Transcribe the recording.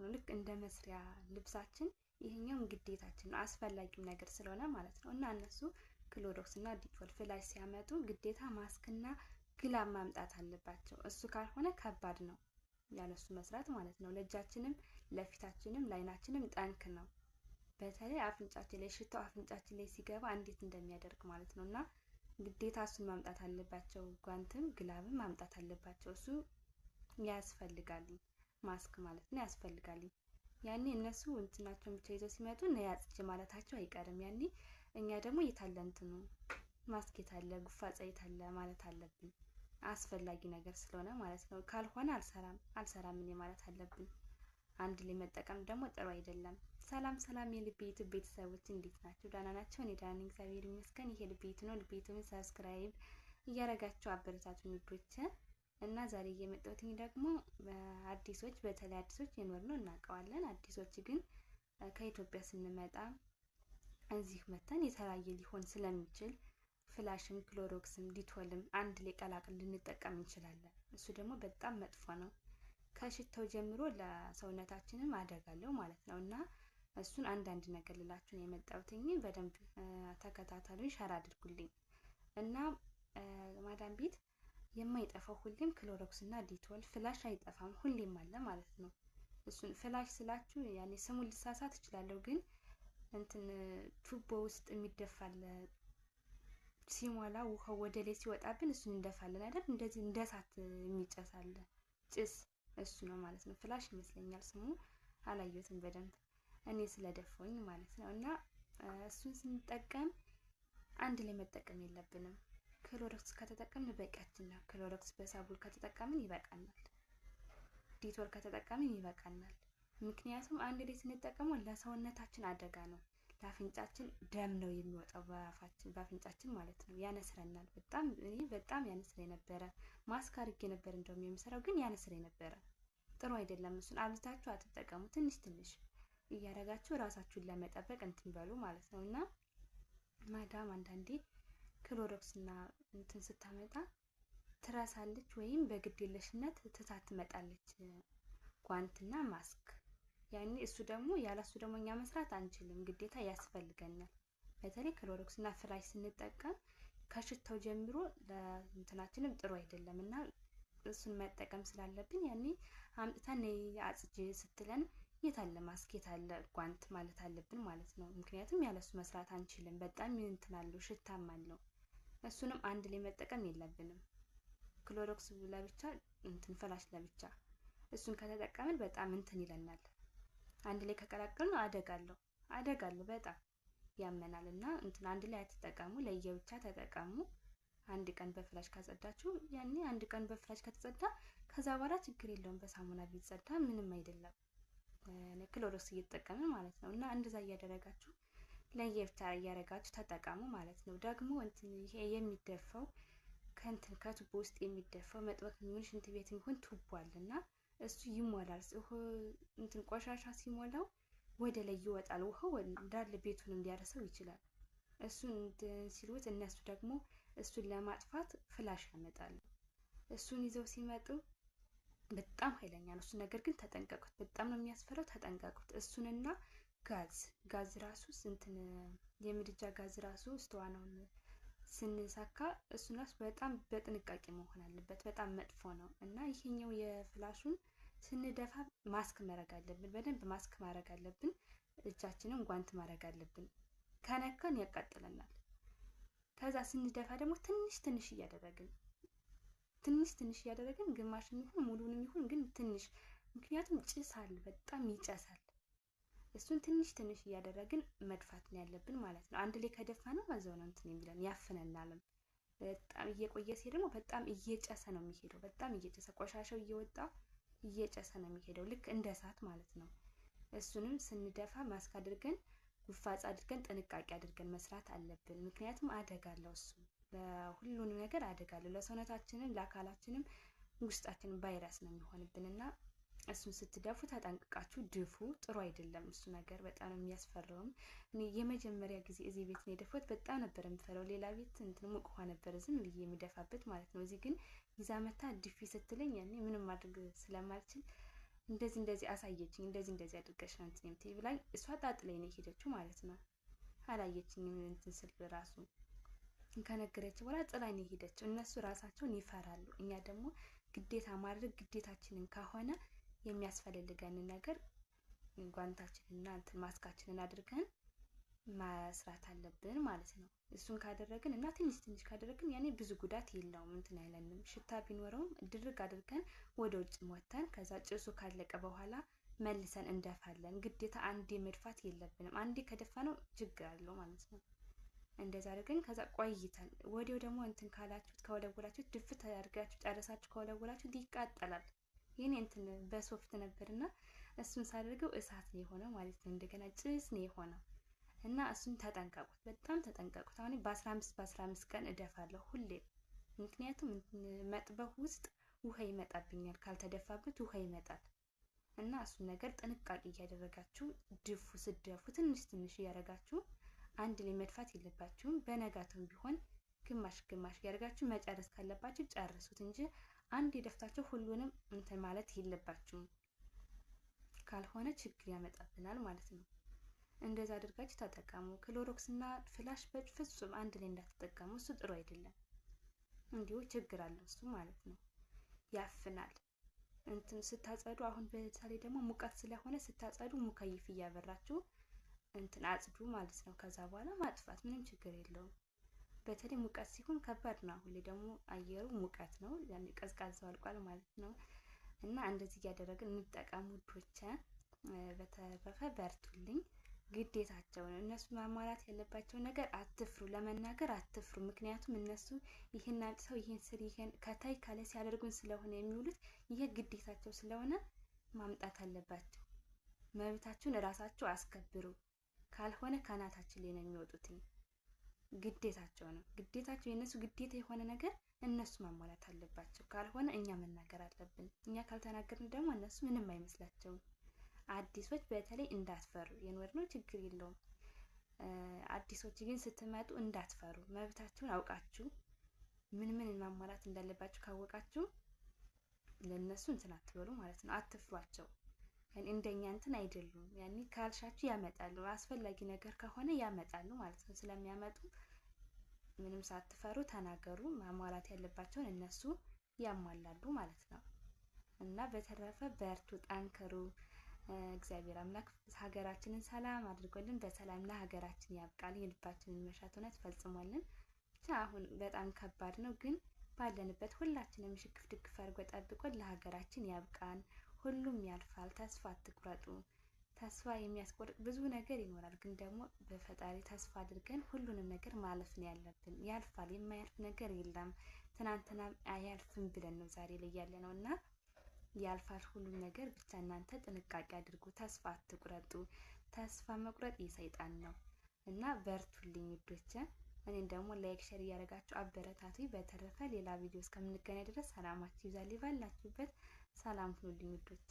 ማለት ነው። ልክ እንደ መስሪያ ልብሳችን ይሄኛውም ግዴታችን ነው፣ አስፈላጊም ነገር ስለሆነ ማለት ነው። እና እነሱ ክሎዶክስ እና ዲቶል ፍላሽ ሲያመጡ ግዴታ ማስክና ግላብ ማምጣት አለባቸው። እሱ ካልሆነ ከባድ ነው ያለሱ መስራት ማለት ነው። ለእጃችንም ለፊታችንም ለአይናችንም ጠንክ ነው። በተለይ አፍንጫችን ላይ ሽታው አፍንጫችን ላይ ሲገባ እንዴት እንደሚያደርግ ማለት ነው። እና ግዴታ እሱን ማምጣት አለባቸው። ጓንትም ግላብም ማምጣት አለባቸው። እሱ ያስፈልጋል። ማስክ ማለት ነው ያስፈልጋል። ያኔ እነሱ እንትናቸውን ብቻ ይዘው ሲመጡ እና ያጽጅ ማለታቸው አይቀርም። ያኔ እኛ ደግሞ የታለ እንትኑ ማስክ የታለ ጉፋጽ የታለ ማለት አለብን። አስፈላጊ ነገር ስለሆነ ማለት ነው። ካልሆነ አልሰራም አልሰራም እኔ ማለት አለብን። አንድ ላይ መጠቀም ደግሞ ጥሩ አይደለም። ሰላም ሰላም የልብ ዩቱብ ቤተሰቦች እንዴት ናቸው? ደህና ናቸው? እኔ ደህና ነኝ፣ እግዚአብሔር ይመስገን። ይሄ ልብ ዩቱብ ነው። ልብ ዩቱብን ሰብስክራይብ እያረጋችሁ አበረታቱ ውዶች እና ዛሬ እየመጣሁት ደግሞ አዲሶች በተለይ አዲሶች የኖር ነው እናውቀዋለን። አዲሶች ግን ከኢትዮጵያ ስንመጣ እዚህ መተን የተለያየ ሊሆን ስለሚችል ፍላሽም ክሎሮክስም ዲቶልም አንድ ላይ ቀላቅለን ልንጠቀም እንችላለን። እሱ ደግሞ በጣም መጥፎ ነው። ከሽታው ጀምሮ ለሰውነታችንም አደጋ አለው ማለት ነው እና እሱን አንዳንድ ነገር ነው የመጣሁትኝ በደንብ ተከታተሉኝ፣ ሸር አድርጉልኝ እና ማዳም ቤት የማይጠፋው ሁሌም ክሎሮክስ እና ዲቶል ፍላሽ አይጠፋም፣ ሁሌም አለ ማለት ነው። እሱን ፍላሽ ስላችሁ ያኔ ስሙን ልሳሳት እችላለሁ፣ ግን እንትን ቱቦ ውስጥ የሚደፋል ሲሞላ ውሃው ወደ ላይ ሲወጣብን እሱን እንደፋለን አይደል? እንደዚህ እንደ እሳት የሚጨሳለ ጭስ እሱ ነው ማለት ነው። ፍላሽ ይመስለኛል ስሙ፣ አላየሁትም በደንብ እኔ ስለደፈውኝ ማለት ነው። እና እሱን ስንጠቀም አንድ ላይ መጠቀም የለብንም። ክሎሮክስ ከተጠቀምን በቂያችን ነው። ክሎሮክስ በሳቡን ከተጠቀምን ይበቃናል። ዲቶል ከተጠቀምን ይበቃናል። ምክንያቱም አንድ ላይ ስንጠቀመው ለሰውነታችን አደጋ ነው። ለአፍንጫችን ደም ነው የሚወጣው፣ በአፋችን በአፍንጫችን ማለት ነው። ያነስረናል። በጣም እኔ በጣም ያነስረ ነበረ። ማስክ አድርጌ ነበር እንደውም የምሰራው፣ ግን ያነስረ ነበረ። ጥሩ አይደለም። እሱን አብዝታችሁ አትጠቀሙ። ትንሽ ትንሽ እያደረጋችሁ ራሳችሁን ለመጠበቅ እንትን በሉ ማለት ነው እና ማዳም አንዳንዴ ክሎሮክስና እንትን ስታመጣ ትረሳለች ወይም በግዴለሽነት ትታትመጣለች ትመጣለች። ጓንትና ማስክ ያኔ እሱ ደግሞ ያለሱ ደግሞ እኛ መስራት አንችልም፣ ግዴታ ያስፈልገናል። በተለይ ክሎሮክስና ፍላሽ ስንጠቀም ከሽታው ጀምሮ ለእንትናችንም ጥሩ አይደለም እና እሱን መጠቀም ስላለብን ያኔ አምጥተን አጽጅ ስትለን የታለ ማስክ የታለ ጓንት ማለት አለብን ማለት ነው። ምክንያቱም ያለሱ መስራት አንችልም። በጣም ይንትናለሁ ሽታም አለው። እሱንም አንድ ላይ መጠቀም የለብንም። ክሎሮክስ ለብቻ እንትን ፈላሽ ለብቻ እሱን ከተጠቀምን በጣም እንትን ይለናል። አንድ ላይ ከቀላቀልን አደጋለሁ አደጋለሁ በጣም ያመናል እና እንትን አንድ ላይ አትጠቀሙ፣ ለየብቻ ተጠቀሙ። አንድ ቀን በፍላሽ ካጸዳችሁ ያኔ አንድ ቀን በፍላሽ ከተጸዳ ከዛ በኋላ ችግር የለውም። በሳሙና ቢጸዳ ምንም አይደለም። ክሎሮክስ እየተጠቀምን ማለት ነው እና እንደዛ እያደረጋችሁ ለየብቻ እያደረጋችሁ ተጠቀሙ ማለት ነው። ደግሞ እንትን ይሄ የሚደፋው ከእንትን ከቱቦ ውስጥ የሚደፋው መጥበቅ የሚሆን ሽንት ቤት የሚሆን ቱቦ እና እሱ ይሞላል። እንትን ቆሻሻ ሲሞላው ወደ ላይ ይወጣል። ውሃው እንዳለ ቤቱንም ሊያርሰው ይችላል። እሱን ሲሉት እነሱ ደግሞ እሱን ለማጥፋት ፍላሽ ያመጣሉ። እሱን ይዘው ሲመጡ በጣም ኃይለኛ ነው እሱ ነገር ግን ተጠንቀቁት። በጣም ነው የሚያስፈራው። ተጠንቀቁት እሱንና ጋዝ ጋዝ ራሱ ስንትን የምድጃ ጋዝ ራሱ ነው ስንሳካ እሱ ራሱ በጣም በጥንቃቄ መሆን አለበት። በጣም መጥፎ ነው እና ይሄኛው የፍላሹን ስንደፋ ማስክ ማድረግ አለብን። በደንብ ማስክ ማድረግ አለብን። እጃችንን ጓንት ማድረግ አለብን። ከነካን ያቃጥለናል። ከዛ ስንደፋ ደግሞ ትንሽ ትንሽ እያደረግን ትንሽ ትንሽ እያደረግን ግማሽ የሚሆን ሙሉውን የሚሆን ግን ትንሽ ምክንያቱም ጭስ አለ፣ በጣም ይጨሳል። እሱን ትንሽ ትንሽ እያደረግን መድፋት ነው ያለብን ማለት ነው። አንድ ላይ ከደፋ ነው እዛው ነው እንትን የሚለን ያፍነናልም። በጣም እየቆየ ሲሄድ ደግሞ በጣም እየጨሰ ነው የሚሄደው። በጣም እየጨሰ ቆሻሻው እየወጣ እየጨሰ ነው የሚሄደው፣ ልክ እንደ እሳት ማለት ነው። እሱንም ስንደፋ ማስክ አድርገን ጉፋጽ አድርገን ጥንቃቄ አድርገን መስራት አለብን። ምክንያቱም አደጋ አለው እሱ ለሁሉንም ነገር አደጋ አለው። ለሰውነታችንም፣ ለአካላችንም ውስጣችን ቫይረስ ነው የሚሆንብን እና እሱን ስትደፉ ተጠንቅቃችሁ ድፉ። ጥሩ አይደለም እሱ ነገር በጣም የሚያስፈራውም። እኔ የመጀመሪያ ጊዜ እዚህ ቤት ነው የደፋሁት። በጣም ነበር የምፈራው። ሌላ ቤት እንትን ሙቅ ውሃ ነበር ዝም ብዬ የሚደፋበት ማለት ነው። እዚህ ግን ይዛ መታ ድፊ ስትለኝ ያኔ ምንም ማድረግ ስለማልችል እንደዚህ እንደዚህ አሳየችኝ። እንደዚህ እንደዚህ አድርገሽ ነው እንትን የምትይ ብላኝ፣ እሷ ጣጥ ላይ ነው የሄደችው ማለት ነው። አላየችኝም እንትን ስል ራሱ ከነገረች በኋላ ጥላኝ ነው የሄደችው። እነሱ ራሳቸውን ይፈራሉ። እኛ ደግሞ ግዴታ ማድረግ ግዴታችንን ከሆነ የሚያስፈልገንን ነገር ጓንታችንና እንትን ማስካችንን አድርገን መስራት አለብን ማለት ነው። እሱን ካደረግን እና ትንሽ ትንሽ ካደረግን ያኔ ብዙ ጉዳት የለውም፣ እንትን አይለንም። ሽታ ቢኖረውም ድርግ አድርገን ወደ ውጭ ሞተን ከዛ ጭሱ ካለቀ በኋላ መልሰን እንደፋለን። ግዴታ አንዴ መድፋት የለብንም። አንዴ ከደፋ ነው ችግር አለው ማለት ነው። እንደዛ አድርገን ከዛ ቆይተን ወዲያው ደግሞ እንትን ካላችሁት ከወለወላችሁት ድፍት አድርጋችሁ ጨረሳችሁ ከወለወላችሁት ይቃጠላል። የኔ እንትን በሶፍት ነበር እና እሱን ሳደርገው እሳት ነው የሆነው ማለት ነው። እንደገና ጭስ ነው የሆነው እና እሱን ተጠንቀቁት፣ በጣም ተጠንቀቁት። አሁን በአስራ አምስት በአስራ አምስት ቀን እደፋለሁ ሁሌም፣ ምክንያቱም መጥበህ ውስጥ ውሃ ይመጣብኛል ካልተደፋበት ውሃ ይመጣል እና እሱን ነገር ጥንቃቄ እያደረጋችሁ ድፉ። ስደፉ ትንሽ ትንሽ እያደረጋችሁ አንድ ላይ መድፋት የለባችሁም። በነጋቱም ቢሆን ግማሽ ግማሽ እያደረጋችሁ መጨረስ ካለባችሁ ጨርሱት እንጂ አንድ የደፍታቸው ሁሉንም እንትን ማለት የለባችሁም። ካልሆነ ችግር ያመጣብናል ማለት ነው። እንደዛ አድርጋችሁ ተጠቀሙ። ክሎሮክስ እና ፍላሽ ፍጹም አንድ ላይ እንዳትጠቀሙ፣ እሱ ጥሩ አይደለም። እንዲሁ ችግር አለው እሱ ማለት ነው። ያፍናል። እንትን ስታጸዱ፣ አሁን በምሳሌ ደግሞ ሙቀት ስለሆነ ስታጸዱ ሙከይፍ እያበራችሁ እንትን አጽዱ ማለት ነው። ከዛ በኋላ ማጥፋት ምንም ችግር የለውም። በተለይ ሙቀት ሲሆን ከባድ ነው። አሁን ላይ ደግሞ አየሩ ሙቀት ነው፣ ቀዝቃዛው አልቋል ማለት ነው። እና እንደዚህ እያደረግን እንጠቀም ውዶቼ። በተረፈ በርቱልኝ። ግዴታቸው ነው። እነሱ ማሟላት ያለባቸው ነገር አትፍሩ፣ ለመናገር አትፍሩ። ምክንያቱም እነሱ ይህን አልጥሰው ይህን ስር ይህን ከታይ ካለ ሲያደርጉን ስለሆነ የሚውሉት ይህ ግዴታቸው ስለሆነ ማምጣት አለባቸው። መብታችሁን እራሳችሁ አስከብሩ። ካልሆነ ከናታችን ላይ ነው የሚወጡትኝ። ግዴታቸው ነው። ግዴታቸው የእነሱ ግዴታ የሆነ ነገር እነሱ ማሟላት አለባቸው። ካልሆነ እኛ መናገር አለብን። እኛ ካልተናገርን ደግሞ እነሱ ምንም አይመስላቸውም። አዲሶች በተለይ እንዳትፈሩ። ነው ችግር የለውም። አዲሶች ግን ስትመጡ እንዳትፈሩ። መብታችሁን አውቃችሁ ምን ምን ማሟላት እንዳለባችሁ ካወቃችሁ ለእነሱ እንትን አትበሉ ማለት ነው። አትፍሯቸው። እንደኛ እንትን አይደሉም። ያኔ ካልሻችሁ ያመጣሉ፣ አስፈላጊ ነገር ከሆነ ያመጣሉ ማለት ነው። ስለሚያመጡ ምንም ሳትፈሩ ተናገሩ። ማሟላት ያለባቸውን እነሱ ያሟላሉ ማለት ነው። እና በተረፈ በርቱ፣ ጠንክሩ። እግዚአብሔር አምላክ ሀገራችንን ሰላም አድርጎልን በሰላም ለሀገራችን ያብቃል። የልባችንን መሻት እውነት ፈጽሞልን ብቻ አሁን በጣም ከባድ ነው፣ ግን ባለንበት ሁላችንም ሽክፍ ድግፍ አድርጎ ጠብቆን ለሀገራችን ያብቃን። ሁሉም ያልፋል፣ ተስፋ አትቁረጡ። ተስፋ የሚያስቆርጥ ብዙ ነገር ይኖራል፣ ግን ደግሞ በፈጣሪ ተስፋ አድርገን ሁሉንም ነገር ማለፍ ነው ያለብን። ያልፋል፣ የማያልፍ ነገር የለም። ትናንትና አያልፍም ብለን ነው ዛሬ ላይ ያለ ነው እና ያልፋል ሁሉም ነገር። ብቻ እናንተ ጥንቃቄ አድርጉ፣ ተስፋ አትቁረጡ። ተስፋ መቁረጥ የሰይጣን ነው እና በርቱልኝ ውዶቼ። እኔን ደግሞ ላይክ፣ ሸር እያደረጋችሁ አበረታቱ። በተረፈ ሌላ ቪዲዮ እስከምንገናኝ ድረስ ሰላማችሁ ይብዛልኝ ባላችሁበት ሰላም ሁኑልኝ ውዶቼ።